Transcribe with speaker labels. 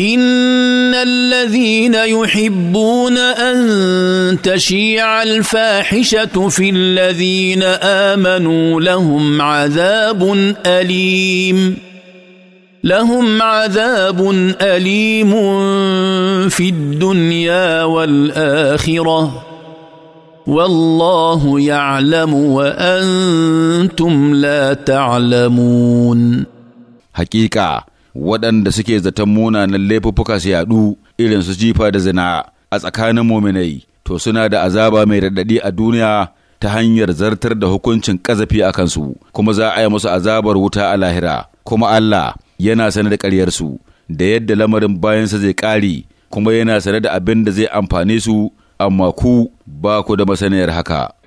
Speaker 1: ان الذين يحبون ان تشيع الفاحشه في الذين امنوا لهم عذاب اليم لهم عذاب اليم في الدنيا والاخره والله يعلم وانتم لا
Speaker 2: تعلمون حقيقه waɗanda suke zaton munanan laifuffuka su yaɗu irin su jifa da zina a tsakanin muminai to suna da azaba mai raɗaɗi a duniya ta hanyar zartar da hukuncin ƙazafi a kansu kuma za a yi musu azabar wuta a lahira kuma Allah yana sanar da ƙaryarsu da yadda lamarin bayansa zai ƙare kuma yana sanar da abin da zai amfane su amma ku
Speaker 3: ba ku da masaniyar haka.